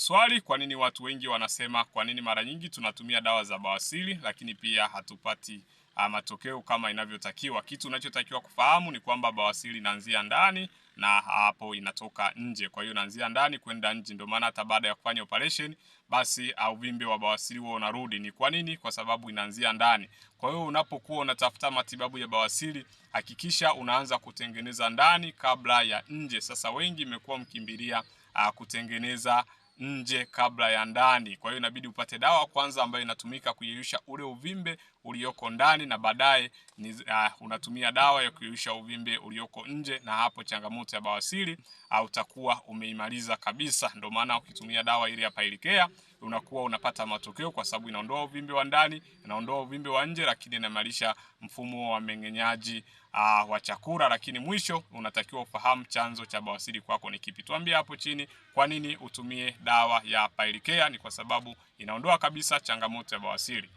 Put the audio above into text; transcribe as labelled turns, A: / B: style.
A: swali kwa nini watu wengi wanasema, kwa nini mara nyingi tunatumia dawa za bawasiri lakini pia hatupati uh, matokeo kama inavyotakiwa. Kitu unachotakiwa kufahamu ni kwamba bawasiri inaanzia ndani na hapo inatoka nje. Kwa hiyo inaanzia ndani kwenda nje, ndio maana hata baada ya kufanya operation basi ah, uvimbe wa bawasiri huo unarudi. Ni kwa nini? Kwa sababu inaanzia ndani. Kwa hiyo unapokuwa unatafuta matibabu ya bawasiri, hakikisha unaanza kutengeneza ndani kabla ya nje. Sasa wengi mmekuwa mkimbilia uh, kutengeneza nje kabla ya ndani. Kwa hiyo inabidi upate dawa kwanza ambayo inatumika kuyeyusha ule uvimbe ulioko ndani, na baadaye uh, unatumia dawa ya kuyeyusha uvimbe ulioko nje, na hapo changamoto ya bawasiri au utakuwa umeimaliza kabisa. Ndio maana ukitumia dawa ile ya Pailikea unakuwa unapata matokeo, kwa sababu inaondoa uvimbe wa ndani, inaondoa uvimbe wa nje, lakini inaimarisha mfumo wa mmeng'enyaji ah, wa chakula. Lakini mwisho unatakiwa ufahamu chanzo cha bawasiri kwako ni kipi. Tuambie hapo chini kwa nini utumie dawa ya Pilecare. Ni kwa sababu inaondoa kabisa changamoto ya bawasiri.